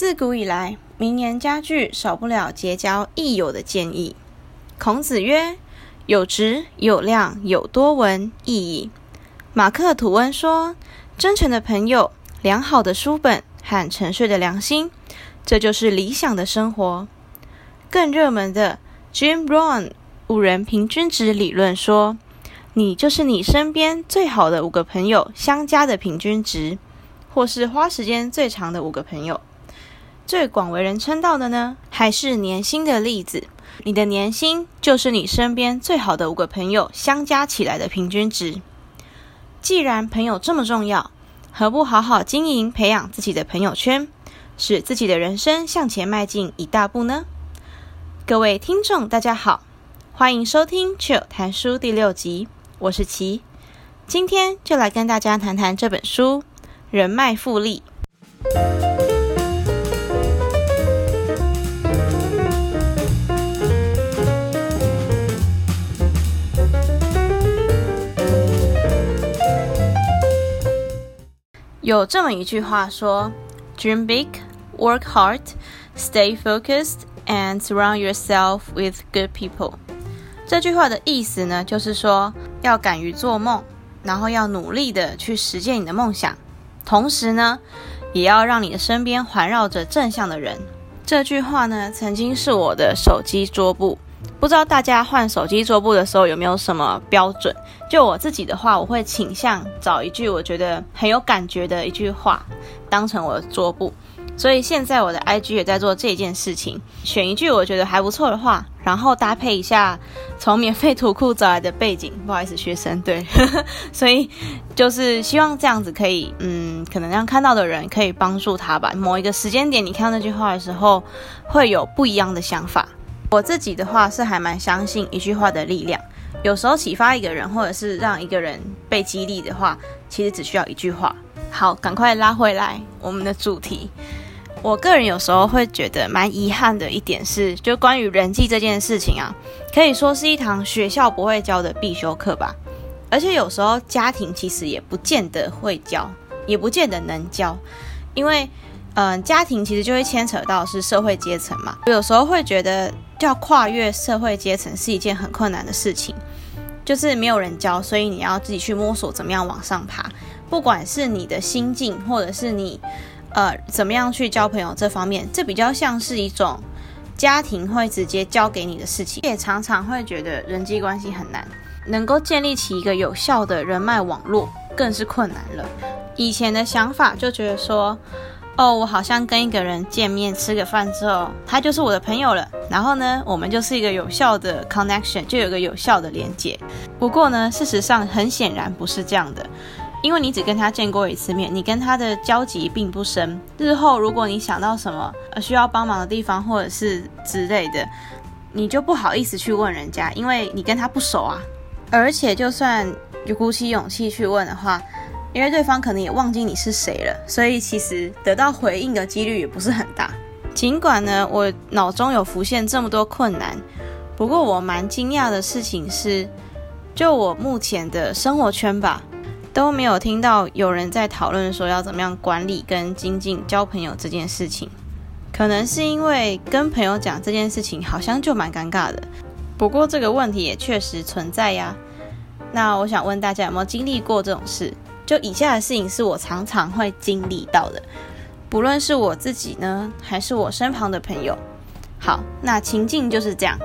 自古以來，名言佳句少不了結交益友的建議。孔子曰：“有直，有量，有多聞，益矣。”馬克·吐溫說：“真誠的朋友，良好的書本和沉睡的良心，這就是理想的生活。”更熱門的，Jim Rohn 五人平均值理論說：“你就是你身邊最好的五個朋友相加的平均值，或是花時間最長的五個朋友。”最廣為人稱道的呢，還是年薪的例子。你的年薪就是你身邊最好的五個朋友相加起來的平均值。既然朋友這麼重要，何不好好經營、培養自己的朋友圈，使自己的人生向前邁進一大步呢？各位聽眾，大家好，歡迎收聽《趣談書》第六集，我是琪，今天就來跟大家談談這本書《人脈複利》。有這麼一句話說：Dream big, work hard, stay focused, and surround yourself with good people。這句話的意思呢，就是說要敢於做夢，然後要努力的去實現你的夢想，同時呢，也要讓你的身邊環繞着正向的人。這句話呢，曾經是我的手機桌布。不知道大家換手機桌布的時候有沒有什麼標準？就我自己的話，我會傾向找一句我覺得很有感覺的一句話，當成我的桌布。所以現在我的 IG 也在做這件事情，選一句我覺得還不錯的話，然後搭配一下從免費圖庫找來的背景。不好意思，學生，對， 所以就是希望這樣子可以，嗯，可能讓看到的人可以幫助他吧。某一個時間點，你看到那句話的時候，會有不一樣的想法。我自己的話是還蠻相信一句話的力量，有時候啟發一個人，或者是讓一個人被激勵的話，其實只需要一句話。好，趕快拉回來我們的主題。我個人有時候會覺得蠻遺憾的一點是，就關於人際這件事情啊，可以說是一堂學校不會教的必修課吧。而且有時候家庭其實也不見得會教，也不見得能教，因為，嗯、呃，家庭其實就會牽扯到是社會階層嘛，有時候會覺得。要跨越社會階層是一件很困難的事情，就是沒有人教，所以你要自己去摸索怎麼樣往上爬。不管是你的心境，或者是你呃怎麼樣去交朋友這方面，這比較像是一種家庭會直接教給你的事情。也常常會覺得人際關係很難，能夠建立起一個有效的人脈網絡更是困難了。以前的想法就覺得說。哦，我好像跟一個人見面吃個飯之後，他就是我的朋友了。然後呢，我們就是一個有效的 connection，就有一個有效的連接。不過呢，事實上很顯然不是這樣的，因為你只跟他見過一次面，你跟他的交集並不深。日後如果你想到什麼呃需要幫忙的地方或者是之類的，你就不好意思去問人家，因為你跟他不熟啊。而且就算鼓起勇氣去問的話，因為對方可能也忘記你是誰了，所以其實得到回應的幾率也不是很大。儘管呢，我腦中有浮現這麼多困難，不過我蠻驚訝的事情是，就我目前的生活圈吧，都沒有聽到有人在討論說要怎麼樣管理跟精進交朋友這件事情。可能是因為跟朋友講這件事情好像就蠻尷尬的，不過這個問題也確實存在呀。那我想問大家有沒有經歷過這種事？就以下的事情是我常常會經歷到的，不論是我自己呢，還是我身旁的朋友。好，那情境就是這樣，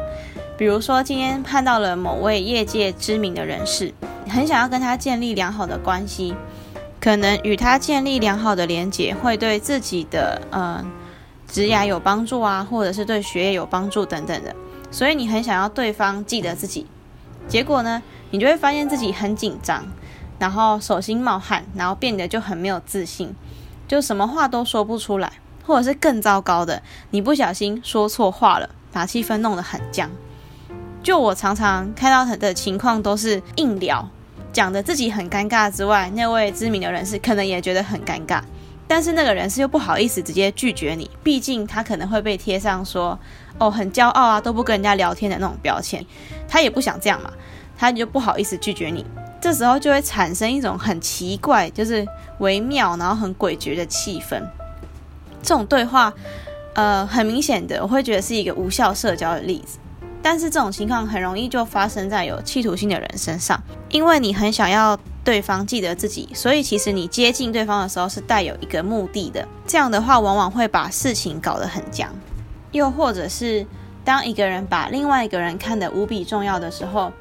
比如說今天看到了某位業界知名的人士，很想要跟他建立良好的關係，可能與他建立良好的連結，會對自己的嗯、呃、職業有幫助啊，或者是對學業有幫助等等的，所以你很想要對方記得自己，結果呢，你就會發現自己很緊張。然後手心冒汗，然後變得就很沒有自信，就什麼話都說不出來，或者是更糟糕的，你不小心說錯話了，把氣氛弄得很僵。就我常常看到的情況都是硬聊，講得自己很尷尬之外，那位知名的人士可能也覺得很尷尬，但是那個人士又不好意思直接拒絕你，畢竟他可能會被貼上說“哦，很驕傲啊，都不跟人家聊天”的那種標籤，他也不想這樣嘛，他就不好意思拒絕你。這時候就會產生一種很奇怪，就是微妙，然後很詭譎的氣氛。這種對話，呃，很明顯的我會覺得是一個無效社交的例子。但是這種情況很容易就發生在有企圖心的人身上，因為你很想要對方記得自己，所以其實你接近對方的時候是帶有一個目的的。這樣的話，往往會把事情搞得很僵。又或者是當一個人把另外一個人看得無比重要的時候。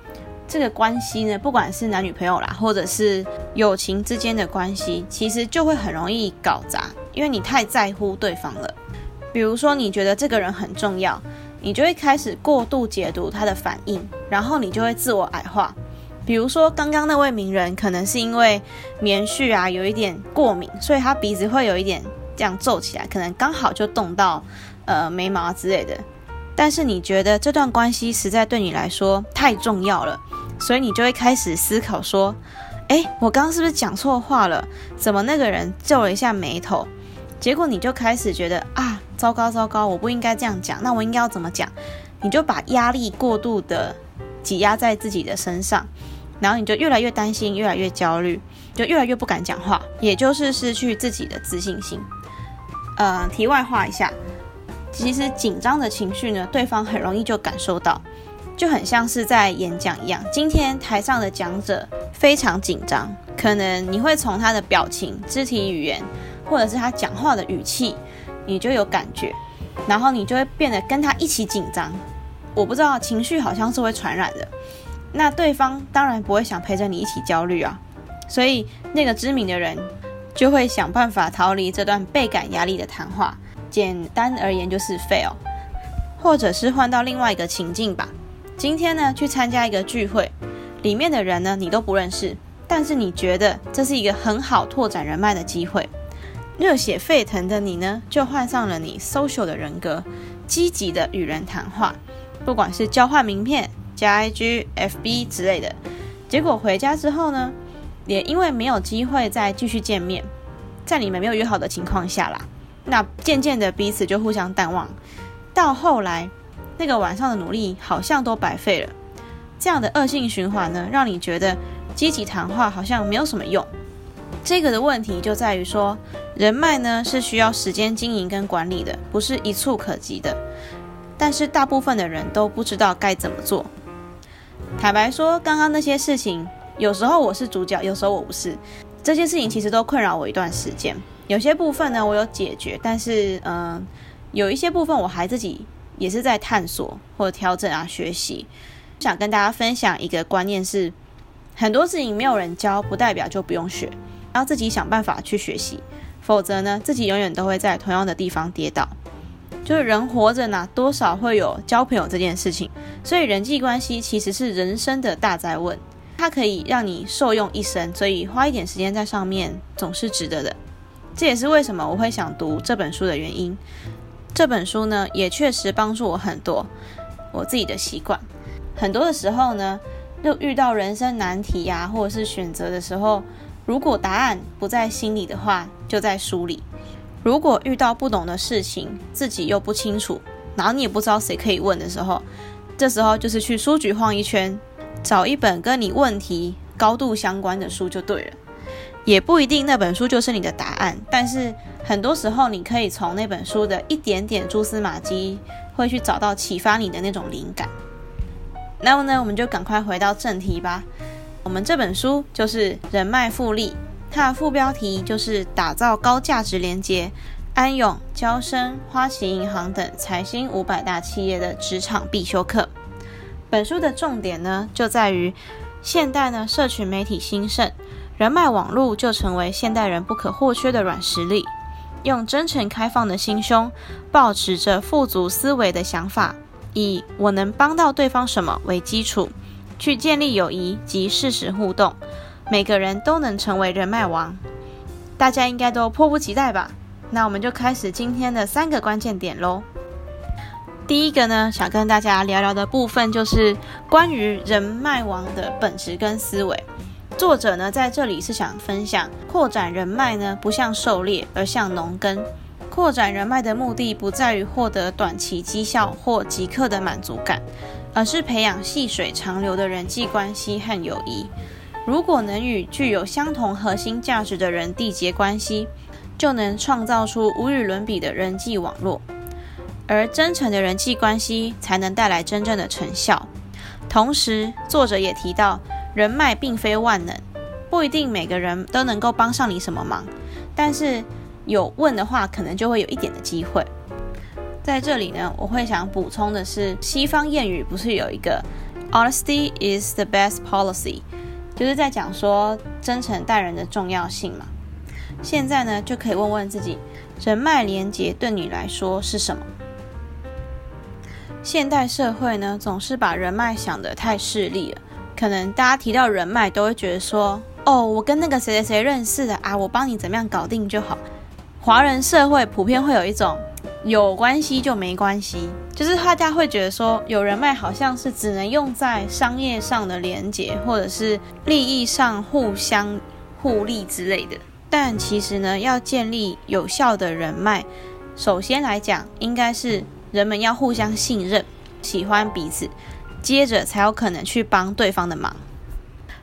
這個關係呢，不管是男女朋友啦，或者是友情之間的關係，其實就會很容易搞砸，因為你太在乎對方了。比如說，你覺得這個人很重要，你就會開始過度解讀他的反應，然後你就會自我矮化。比如說，剛剛那位名人可能是因為棉絮啊有一點過敏，所以他鼻子會有一點這樣皺起來，可能剛好就動到呃眉毛之類的。但是你覺得這段關係實在對你來說太重要了。所以你就會開始思考說，哎，我剛剛是不是講錯話了？怎麼那個人皺了一下眉頭？結果你就開始覺得啊，糟糕糟糕，我不應該這樣講，那我應該要怎麼講？你就把壓力過度的擠壓在自己的身上，然後你就越來越擔心，越來越焦慮，就越來越不敢講話，也就是失去自己的自信心。呃、嗯，題外話一下，其實緊張的情緒呢，對方很容易就感受到。就很像是在演講一樣，今天台上的講者非常緊張，可能你會從他的表情、肢體語言，或者是他講話的語氣，你就有感覺，然後你就會變得跟他一起緊張。我不知道情緒好像是會傳染的，那對方當然不會想陪着你一起焦慮啊，所以那個知名的人就會想辦法逃離這段倍感壓力的談話。簡單而言就是 fail，或者是換到另外一個情境吧。今天呢，去參加一個聚會，裡面的人呢你都不認識，但是你覺得這是一個很好拓展人脈的機會，熱血沸騰的你呢，就換上了你 social 的人格，積極的與人談話，不管是交換名片、加 IG、FB 之類的。結果回家之後呢，也因為沒有機會再繼續見面，在你們沒有約好的情況下啦，那漸漸的彼此就互相淡忘，到後來。那個晚上的努力好像都白費了，這樣的惡性循環呢，讓你覺得積極談話好像沒有什麼用。這個的問題就在於說，人脈呢是需要時間經營跟管理的，不是一蹴可及的。但是大部分的人都不知道該怎麼做。坦白說，剛剛那些事情，有時候我是主角，有時候我不是。這些事情其實都困擾我一段時間。有些部分呢，我有解決，但是嗯、呃，有一些部分我還自己。也是在探索或調整啊，學習。想跟大家分享一個觀念是，很多事情沒有人教，不代表就不用學，要自己想辦法去學習。否則呢，自己永遠都會在同樣的地方跌倒。就是人活着呢，多少會有交朋友這件事情，所以人際關係其實是人生的大哉問，它可以讓你受用一生，所以花一點時間在上面總是值得的。這也是為什麼我會想讀這本書的原因。這本書呢，也確實幫助我很多。我自己的習慣，很多的時候呢，又遇到人生難題呀、啊，或者是選擇的時候，如果答案不在心裡的話，就在書裡。如果遇到不懂的事情，自己又不清楚，然後你也不知道誰可以問的時候，這時候就是去書局晃一圈，找一本跟你問題高度相關的書就對了。也不一定那本書就是你的答案，但是很多時候你可以從那本書的一點點蛛絲馬跡，會去找到啟發你的那種靈感。那麼呢，我們就趕快回到正題吧。我們這本書就是《人脈複利》，它的副標題就是“打造高價值連結”。安永、嬌生、花旗銀行等財新五百大企業的職場必修課。本書的重點呢，就在於現代呢，社群媒體興盛。人脈網絡就成為現代人不可或缺的軟實力。用真誠開放的心胸，抱持着富足思維的想法，以我能幫到對方什麼為基礎，去建立友誼及適時互動。每個人都能成為人脈王。大家應該都迫不及待吧？那我們就開始今天的三個關鍵點嘍。第一個呢，想跟大家聊聊的部分就是關於人脈王的本質跟思維。作者呢，在這裡是想分享，擴展人脈呢，不像狩獵，而像農耕。擴展人脈的目的不在於獲得短期績效或即刻的滿足感，而是培養細水長流的人際關係和友誼。如果能與具有相同核心價值的人締結關係，就能創造出無與倫比的人際網絡。而真誠的人際關係才能帶來真正的成效。同時，作者也提到，人脈並非萬能，不一定每個人都能夠幫上你什麼忙。但是有問的話，可能就會有一點的機會。在這裡呢，我會想補充的是，西方諺語不是有一個 “honesty is the best policy”，就是在講說真誠待人的重要性嘛。現在呢，就可以問問自己，人脈連結對你來說是什麼？現代社會呢，總是把人脈想得太勢利了。可能大家提到人脈，都會覺得說，哦，我跟那個誰誰誰認識的啊，我幫你怎麼樣搞定就好。華人社會普遍會有一種有關係就沒關係，就是大家會覺得說，有人脈好像是只能用在商業上的連接，或者是利益上互相互利之類的。但其實呢，要建立有效的人脈，首先來講，應該是人們要互相信任，喜歡彼此。接着才有可能去幫對方的忙。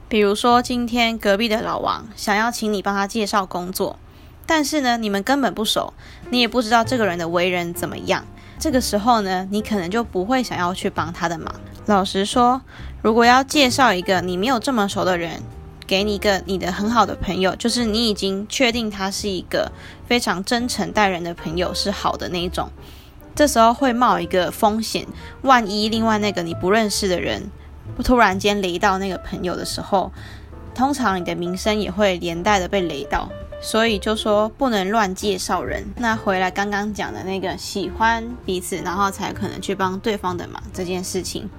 比如說，今天隔壁的老王想要請你幫他介紹工作，但是呢，你們根本不熟，你也不知道這個人的為人怎麼樣。這個時候呢，你可能就不會想要去幫他的忙。老實說，如果要介紹一個你沒有這麼熟的人，給你一個你的很好的朋友，就是你已經確定他是一個非常真誠待人的朋友，是好的那一種。這時候會冒一個風險，萬一另外那個你不認識的人突然間雷到那個朋友的時候，通常你的名聲也會連帶的被雷到，所以就說不能亂介紹人。那回來剛剛講的那個喜歡彼此，然後才可能去幫對方的忙這件事情。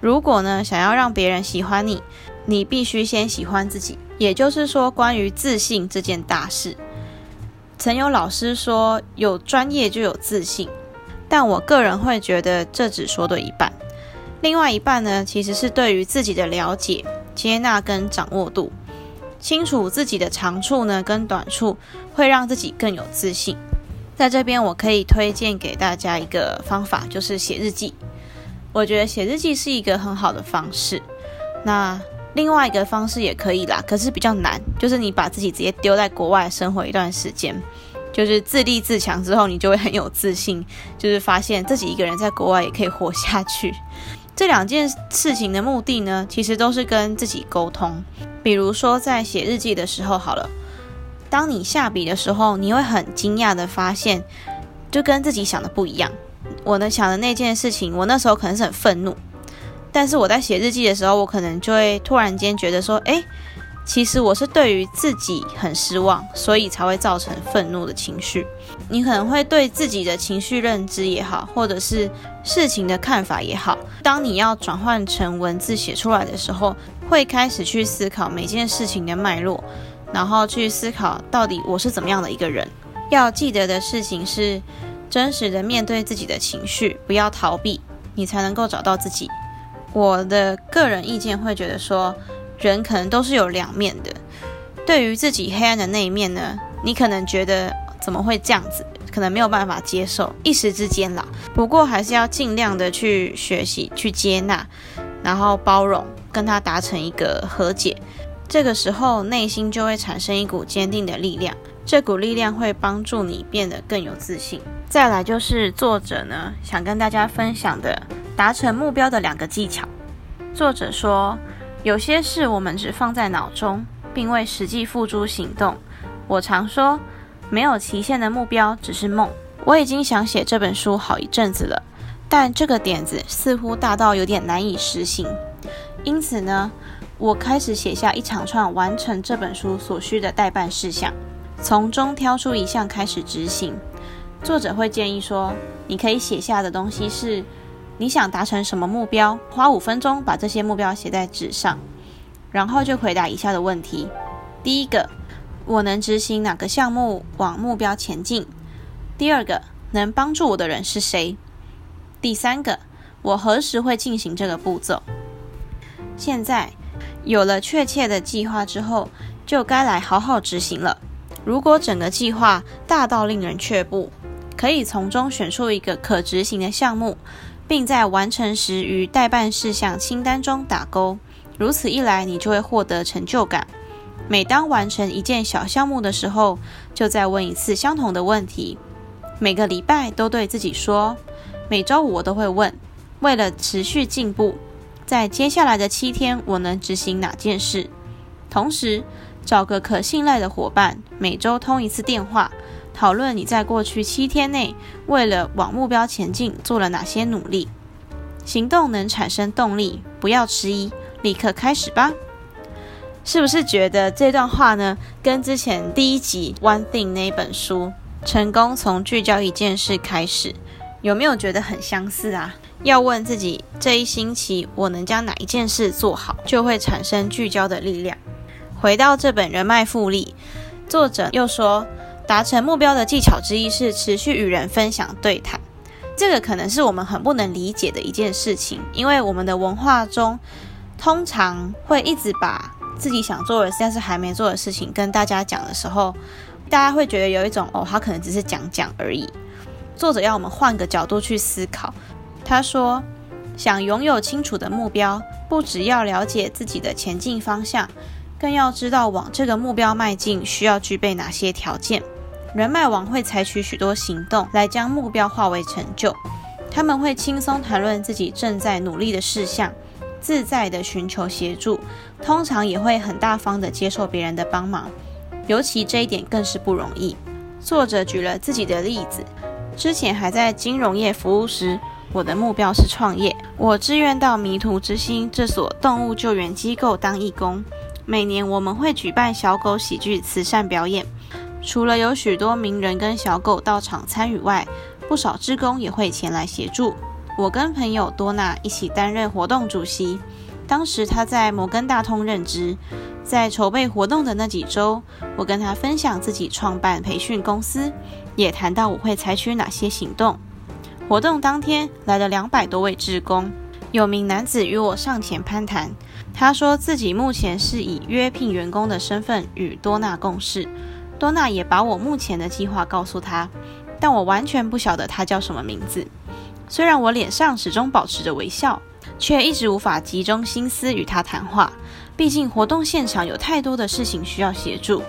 如果呢想要讓別人喜歡你，你必須先喜歡自己，也就是說關於自信這件大事，曾有老師說有專業就有自信。但我個人會覺得這只說對一半，另外一半呢，其實是對於自己的了解、接納跟掌握度，清楚自己的長處呢跟短處，會讓自己更有自信。在這邊我可以推薦給大家一個方法，就是寫日記。我覺得寫日記是一個很好的方式。那另外一個方式也可以啦，可是比較難，就是你把自己直接丟在國外生活一段時間。就是自立自強之後，你就會很有自信，就是發現自己一個人在國外也可以活下去。這兩件事情的目的呢，其實都是跟自己溝通。比如說在寫日記的時候，好了，當你下筆的時候，你會很驚訝地發現，就跟自己想的不一樣。我呢想的那件事情，我那時候可能是很憤怒，但是我在寫日記的時候，我可能就會突然間覺得說，誒……其實我是對於自己很失望，所以才會造成憤怒的情緒。你可能會對自己的情緒認知也好，或者是事情的看法也好，當你要轉換成文字寫出來的時候，會開始去思考每件事情的脈絡，然後去思考到底我是怎麼樣的一個人。要記得的事情是真實的面對自己的情緒，不要逃避，你才能夠找到自己。我的個人意見會覺得說，人可能都是有兩面的，對於自己黑暗的那一面呢，你可能覺得怎麼會這樣子，可能沒有辦法接受，一時之間啦。不過還是要盡量的去學習、去接納，然後包容，跟他達成一個和解。這個時候內心就會產生一股堅定的力量，這股力量會幫助你變得更有自信。再來就是作者呢，想跟大家分享的達成目標的兩個技巧。作者說。有些事我們只放在腦中，並未實際付諸行動。我常說，沒有期限的目標只是夢。我已經想寫這本書好一陣子了，但這個點子似乎大到有點難以實行。因此呢，我開始寫下一長串完成這本書所需的待辦事項，從中挑出一項開始執行。作者會建議說，你可以寫下的東西是。你想達成什麼目標？花五分鐘把這些目標寫在紙上，然後就回答以下的問題：第一個，我能執行哪個項目往目標前進？第二個，能幫助我的人是誰？第三個，我何時會進行這個步驟？現在有了確切的計劃之後，就該來好好執行了。如果整個計劃大到令人卻步，可以從中選出一個可執行的項目。並在完成時與待辦事項清單中打勾，如此一來，你就會獲得成就感。每當完成一件小項目的時候，就再問一次相同的問題。每個禮拜都對自己說：每周五我都會問。為了持續進步，在接下來的七天，我能執行哪件事？同時，找個可信賴的夥伴，每周通一次電話。討論你在過去七天內為了往目標前進做了哪些努力？行動能產生動力，不要遲疑，立刻開始吧！是不是覺得這段話呢，跟之前第一集《One Thing》那本書《成功從聚焦一件事開始》，有沒有覺得很相似啊？要問自己這一星期我能將哪一件事做好，就會產生聚焦的力量。回到這本人脈複利，作者又說。達成目標的技巧之一是持續與人分享對談，這個可能是我們很不能理解的一件事情，因為我們的文化中，通常會一直把自己想做的但是還沒做的事情跟大家講的時候，大家會覺得有一種哦，他可能只是講講而已。作者要我們換個角度去思考，他說，想擁有清楚的目標，不只要了解自己的前進方向，更要知道往這個目標邁進需要具備哪些條件。人脈網會採取許多行動來將目標化為成就，他們會輕鬆談論自己正在努力的事項，自在地尋求協助，通常也會很大方地接受別人的幫忙，尤其這一點更是不容易。作者舉了自己的例子，之前還在金融業服務時，我的目標是創業，我志願到迷途之星這所動物救援機構當義工，每年我們會舉辦小狗喜劇慈善表演。除了有許多名人跟小狗到場參與外，不少志工也會前來協助。我跟朋友多娜一起擔任活動主席。當時他在摩根大通任職，在籌備活動的那幾周，我跟他分享自己創辦培訓公司，也談到我會採取哪些行動。活動當天來了兩百多位志工，有名男子與我上前攀談，他說自己目前是以約聘員工的身份與多娜共事。多娜也把我目前的計劃告訴他，但我完全不曉得他叫什麼名字。雖然我臉上始終保持着微笑，卻一直無法集中心思與他談話。畢竟活動現場有太多的事情需要協助。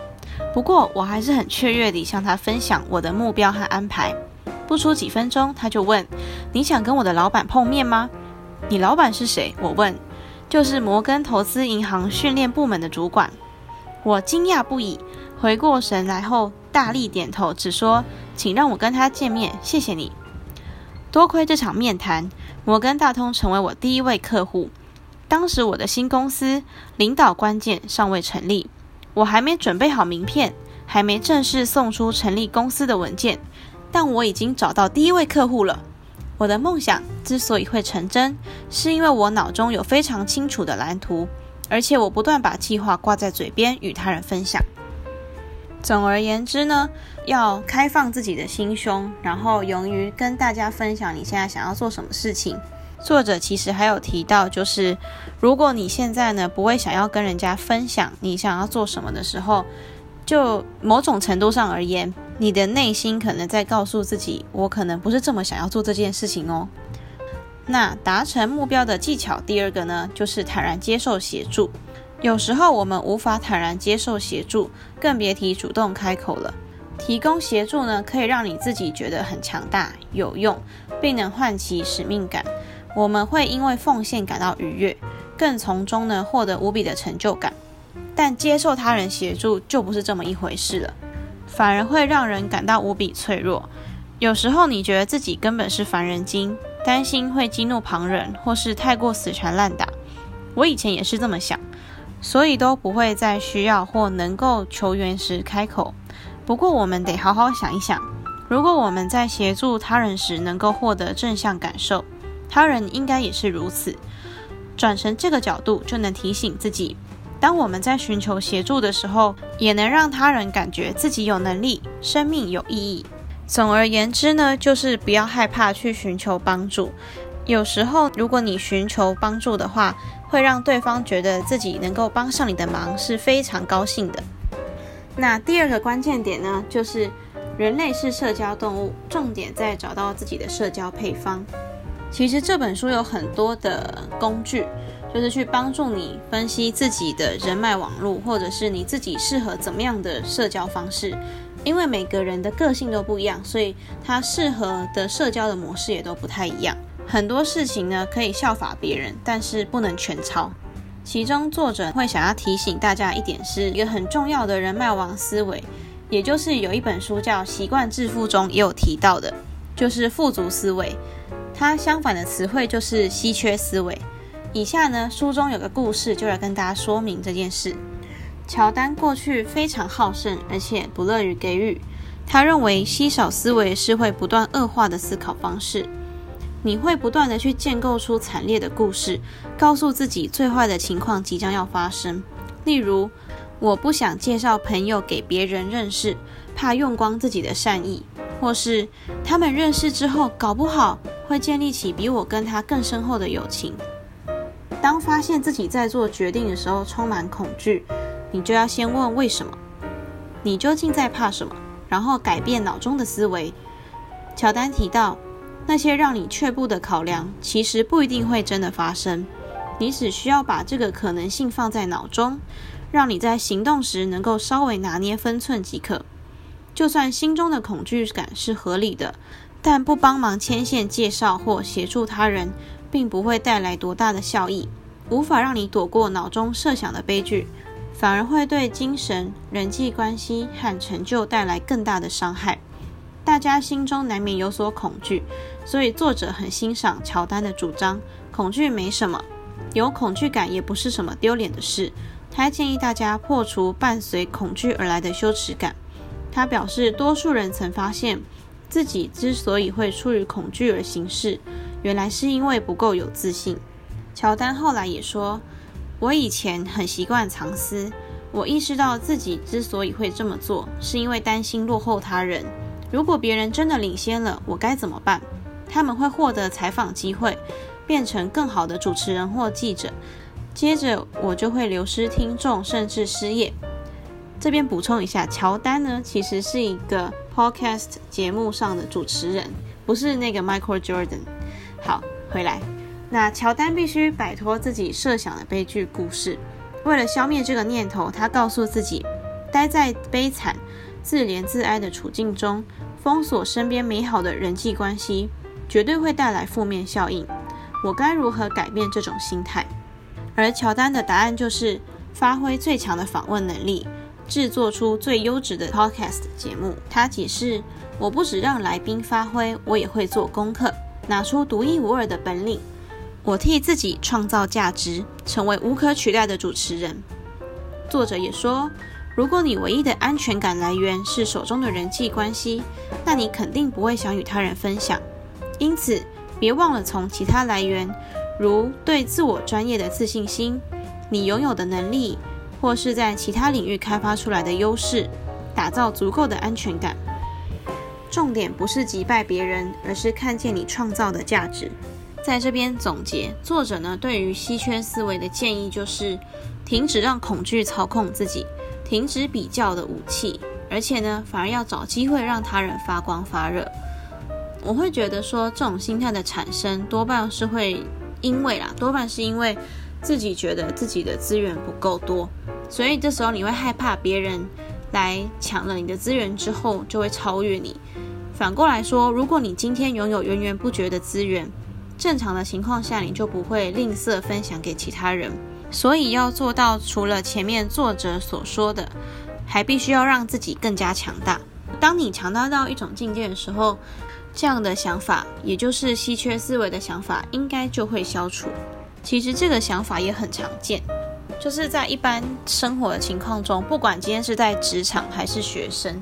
不過我還是很雀躍地向他分享我的目標和安排。不出幾分鐘，他就問：“你想跟我的老板碰面嗎？”“你老板是誰？”我問。“就是摩根投資銀行訓練部門的主管。”我驚訝不已。回過神來後，大力點頭，只說：“請讓我跟他見面，謝謝你。”多虧這場面談，摩根大通成為我第一位客戶。當時我的新公司領導關鍵尚未成立，我還沒準備好名片，還沒正式送出成立公司的文件，但我已經找到第一位客戶了。我的夢想之所以會成真，是因為我腦中有非常清楚的藍圖，而且我不斷把計劃掛在嘴邊與他人分享。總而言之呢，要開放自己的心胸，然後勇於跟大家分享你現在想要做什麼事情。作者其實還有提到，就是如果你現在呢不會想要跟人家分享你想要做什麼的時候，就某種程度上而言，你的內心可能在告訴自己，我可能不是這麼想要做這件事情哦。那達成目標的技巧第二個呢，就是坦然接受協助。有時候我們無法坦然接受協助，更別提主動開口了。提供協助呢，可以讓你自己覺得很強大、有用，並能喚起使命感。我們會因為奉獻感到愉悅，更從中呢獲得無比的成就感。但接受他人協助就不是這麼一回事了，反而會讓人感到無比脆弱。有時候你覺得自己根本是煩人精，擔心會激怒旁人，或是太過死纏爛打。我以前也是這麼想。所以都不會在需要或能夠求援時開口。不過我們得好好想一想，如果我們在協助他人時能夠獲得正向感受，他人應該也是如此。轉成這個角度，就能提醒自己，當我們在尋求協助的時候，也能讓他人感覺自己有能力、生命有意義。總而言之呢，就是不要害怕去尋求幫助。有時候，如果你尋求幫助的話，會讓對方覺得自己能夠幫上你的忙是非常高興的。那第二個關鍵點呢，就是人類是社交動物，重點在找到自己的社交配方。其實這本書有很多的工具，就是去幫助你分析自己的人脈網絡，或者是你自己適合怎麼樣的社交方式。因為每個人的個性都不一樣，所以他適合的社交的模式也都不太一樣。很多事情呢，可以效法別人，但是不能全抄。其中作者會想要提醒大家一點是一個很重要的人脈網思維，也就是有一本書叫《習慣致富》中也有提到的，就是富足思維。它相反的詞彙就是稀缺思維。以下呢，書中有個故事，就來跟大家說明這件事。喬丹過去非常好勝，而且不樂於給予。他認為稀少思維是會不斷惡化的思考方式。你會不斷地去建構出慘烈的故事，告訴自己最壞的情況即將要發生。例如，我不想介紹朋友給別人認識，怕用光自己的善意，或是他們認識之後，搞不好會建立起比我跟他更深厚的友情。當發現自己在做決定的時候充滿恐懼，你就要先問為什麼，你究竟在怕什麼，然後改變腦中的思維。喬丹提到。那些讓你卻步的考量，其實不一定會真的發生。你只需要把這個可能性放在腦中，讓你在行動時能夠稍微拿捏分寸即可。就算心中的恐懼感是合理的，但不幫忙牽線介紹或協助他人，並不會帶來多大的效益，無法讓你躲過腦中設想的悲劇，反而會對精神、人際關係和成就帶來更大的傷害。大家心中難免有所恐懼。所以作者很欣賞喬丹的主張，恐懼沒什麼，有恐懼感也不是什麼丟臉的事。他還建議大家破除伴隨恐懼而來的羞恥感。他表示，多數人曾發現自己之所以會出於恐懼而行事，原來是因為不夠有自信。喬丹後來也說：“我以前很習慣藏私，我意識到自己之所以會這麼做，是因為擔心落後他人。如果別人真的領先了，我該怎麼辦？”他們會獲得採訪機會，變成更好的主持人或記者。接着我就會流失聽眾，甚至失業。這邊補充一下，喬丹呢，其實是一個 podcast 節目上的主持人，不是那個 Michael Jordan。好，回來。那喬丹必須擺脫自己設想的悲劇故事。為了消滅這個念頭，他告訴自己，待在悲慘、自憐自哀的處境中，封鎖身邊美好的人際關係。絕對會帶來負面效應，我該如何改變這種心態？而喬丹的答案就是發揮最強的訪問能力，製作出最優質的 podcast 節目。他解釋：“我不只讓來賓發揮，我也會做功課，拿出獨一無二的本領。我替自己創造價值，成為無可取代的主持人。”作者也說：“如果你唯一的安全感來源是手中的人際關係，那你肯定不會想與他人分享。”因此，別忘了從其他來源，如對自我專業的自信心、你擁有的能力，或是在其他領域開發出來的優勢，打造足夠的安全感。重點不是擊敗別人，而是看見你創造的價值。在這邊總結，作者呢對於稀缺思維的建議就是：停止讓恐懼操控自己，停止比較的武器，而且呢，反而要找機會讓他人發光發熱。我會覺得說，這種心態的產生多半是會因為啦，多半是因為自己覺得自己的資源不夠多，所以這時候你會害怕別人來搶了你的資源之後就會超越你。反過來說，如果你今天擁有源源不絕的資源，正常的情況下你就不會吝嗇分享給其他人。所以要做到，除了前面作者所說的，還必須要讓自己更加強大。當你強大到一種境界的時候，這樣的想法，也就是稀缺思維的想法，應該就會消除。其實這個想法也很常見，就是在一般生活的情況中，不管今天是在職場還是學生，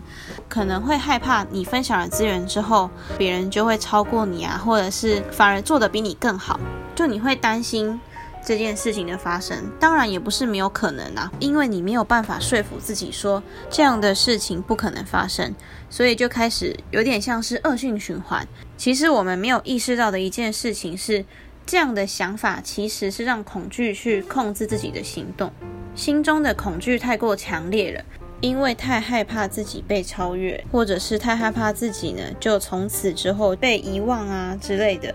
可能會害怕你分享了資源之後，別人就會超過你啊，或者是反而做得比你更好，就你會擔心。這件事情的發生，當然也不是沒有可能啊，因為你沒有辦法說服自己說這樣的事情不可能發生，所以就開始有點像是惡性循環。其實我們沒有意識到的一件事情是，這樣的想法其實是讓恐懼去控制自己的行動，心中的恐懼太過強烈了，因為太害怕自己被超越，或者是太害怕自己呢，就從此之後被遺忘啊，之類的。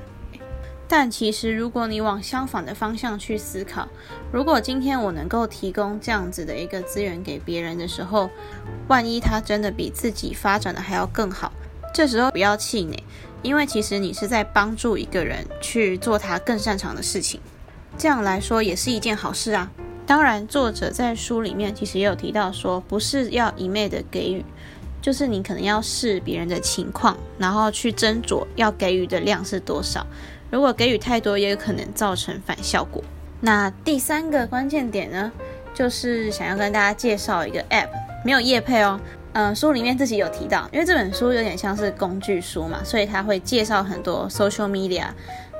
但其實，如果你往相反的方向去思考，如果今天我能夠提供這樣子的一個資源給別人的時候，萬一他真的比自己發展的還要更好，這時候不要氣餒，因為其實你是在幫助一個人去做他更擅長的事情，這樣來說也是一件好事啊。當然，作者在書裡面其實也有提到說，不是要一味的給予，就是你可能要試別人的情況，然後去斟酌要給予的量是多少。如果給予太多，也有可能造成反效果。那第三個關鍵點呢，就是想要跟大家介紹一個 app，沒有業配哦。嗯，書裡面自己有提到，因為這本書有點像是工具書嘛，所以它會介紹很多 social media，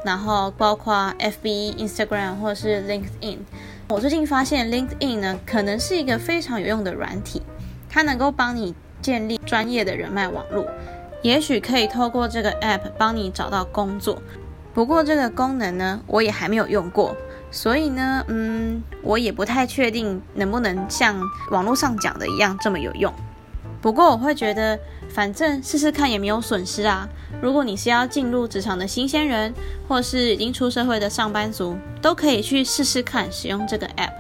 然後包括 FB、Instagram 或是 LinkedIn。我最近發現 LinkedIn 呢，可能是一個非常有用的軟體，它能夠幫你建立專業的人脈網絡，也許可以透過這個 app 幫你找到工作。不過這個功能呢，我也還沒有用過，所以呢，嗯，我也不太確定能不能像網絡上講的一樣這麼有用。不過我會覺得，反正試試看也沒有損失啊。如果你是要進入職場的新鮮人，或是已經出社會的上班族，都可以去試試看使用這個 app。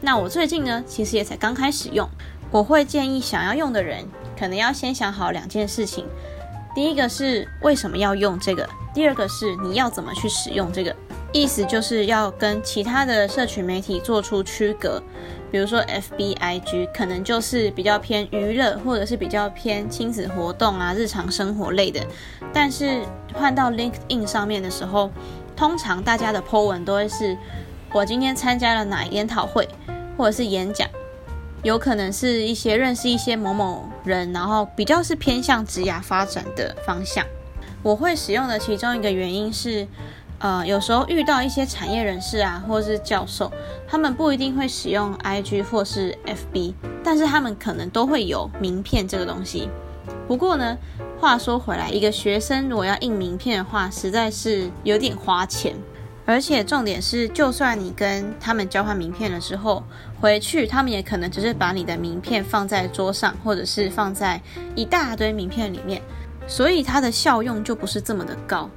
那我最近呢，其實也才剛開始用，我會建議想要用的人，可能要先想好兩件事情。第一個是為什麼要用這個。第二個是你要怎麼去使用這個，意思就是要跟其他的社群媒體做出區隔。比如說 FB、IG 可能就是比較偏娛樂，或者是比較偏親子活動啊、日常生活類的。但是換到 LinkedIn 上面的時候，通常大家的 Po 文都會是：我今天參加了哪一研討會，或者是演講，有可能是一些認識一些某某人，然後比較是偏向職涯發展的方向。我會使用的其中一個原因是，呃，有時候遇到一些產業人士啊，或是教授，他們不一定會使用 IG 或是 FB，但是他們可能都會有名片這個東西。不過呢，話說回來，一個學生如果要印名片的話，實在是有點花錢。而且重點是，就算你跟他們交換名片的時候，回去他們也可能只是把你的名片放在桌上，或者是放在一大堆名片裡面。所以它的效用就不是這麼的高，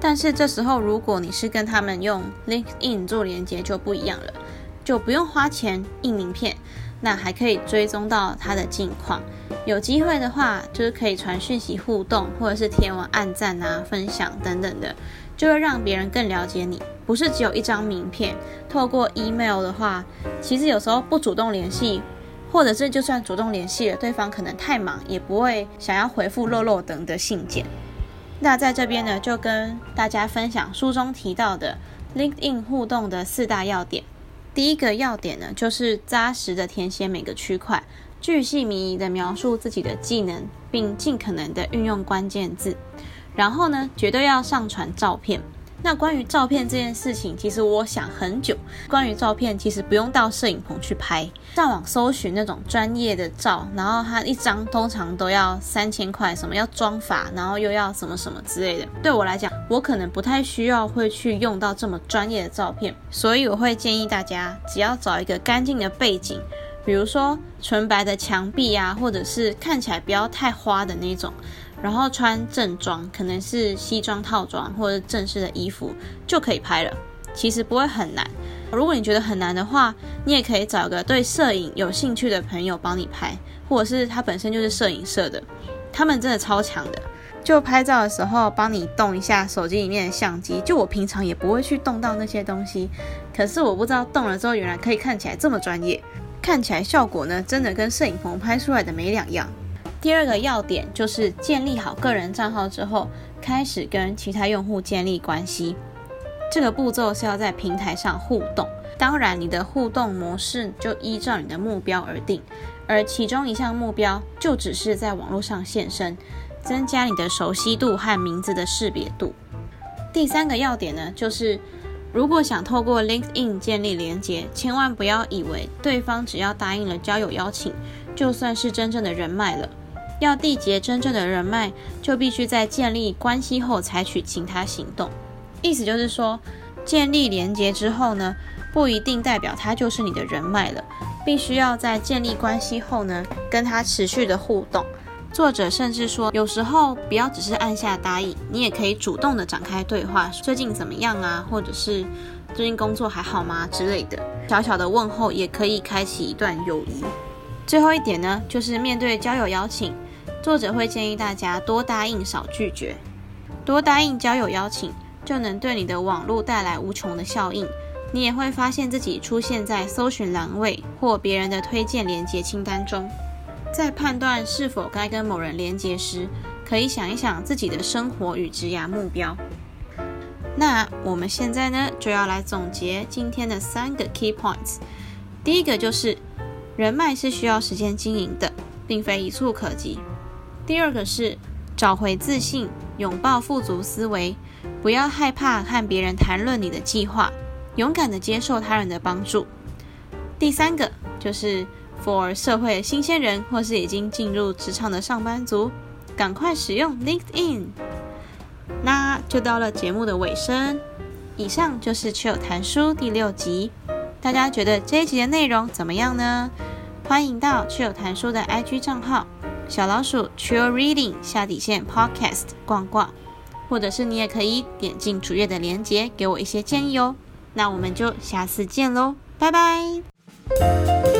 但是這時候如果你是跟他們用 LinkedIn 做連接就不一樣了，就不用花錢印名片，那還可以追蹤到他的近況，有機會的話就是可以傳訊息互動，或者是貼文、按讚啊、分享等等的，就會讓別人更了解你，不是只有一張名片。透過 Email 的話，其實有時候不主動聯繫。或者是就算主動聯繫了對方，可能太忙也不會想要回復落落等的信件。那在這邊呢，就跟大家分享書中提到的 LinkedIn 互動的四大要點。第一個要點呢，就是紮實的填寫每個區塊，巨細靡遺的描述自己的技能，並盡可能的運用關鍵字。然後呢，絕對要上傳照片。那關於照片這件事情，其實我想很久，關於照片其實不用到攝影棚去拍。上網搜尋那種專業的照，然後它一張通常都要三千塊，什麼要妝髮，然後又要什麼什麼之類的。對我來講，我可能不太需要會去用到這麼專業的照片，所以我會建議大家，只要找一個乾淨的背景，比如說純白的牆壁啊，或者是看起來不要太花的那種，然後穿正裝，可能是西裝套裝或者正式的衣服就可以拍了，其實不會很難。如果你覺得很難的話，你也可以找個對攝影有興趣的朋友幫你拍，或者是他本身就是攝影社的，他們真的超強的。就拍照的時候幫你動一下手機裡面的相機，就我平常也不會去動到那些東西，可是我不知道動了之後，原來可以看起來這麼專業，看起來效果呢真的跟攝影棚拍出來的沒兩樣。第二個要點就是建立好個人賬號之後，開始跟其他用戶建立關係。這個步驟是要在平台上互動，當然你的互動模式就依照你的目標而定，而其中一項目標就只是在網絡上現身，增加你的熟悉度和名字的識別度。第三個要點呢，就是如果想透過 LinkedIn 建立連接，千萬不要以為對方只要答應了交友邀請，就算是真正的人脈了。要締結真正的人脈，就必須在建立關係後採取其他行動。意思就是說，建立連接之後呢，不一定代表他就是你的人脈了。必須要在建立關係後呢，跟他持續的互動。作者甚至說，有時候不要只是按下答應，你也可以主動的展開對話，說最近怎麼樣啊，或者是最近工作還好嗎之類的。小小的問候也可以開啟一段友誼。最後一點呢，就是面對交友邀請，作者會建議大家多答應少拒絕，多答應交友邀請。就能對你的網絡帶來無窮的效應。你也會發現自己出現在搜尋欄位，或別人的推薦連接清單中。在判斷是否該跟某人連接時，可以想一想自己的生活與職業目標。那我們現在呢，就要來總結今天的三個 key points。第一個就是，人脈是需要時間經營的，並非一蹴可及。第二個是，找回自信，擁抱富足思維。不要害怕和別人談論你的計劃，勇敢的接受他人的幫助。第三個就是，for 社會的新鮮人或是已經進入職場的上班族，趕快使用 LinkedIn。那就到了節目的尾聲，以上就是 Chill 談書第六集。大家覺得這一集的內容怎麼樣呢？歡迎到 Chill 談書的 IG 賬號小老鼠 Chill Reading 下底線 Podcast 逛逛。或者是你也可以點進主頁的鏈接，給我一些建議哦。那我們就下次見嘍，拜拜。